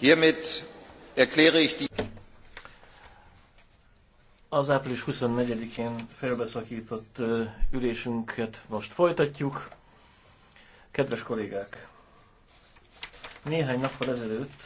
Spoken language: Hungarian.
Hiermit erkläre ich die az április 24-én félbeszakított ülésünket most folytatjuk. Kedves kollégák! Néhány nappal ezelőtt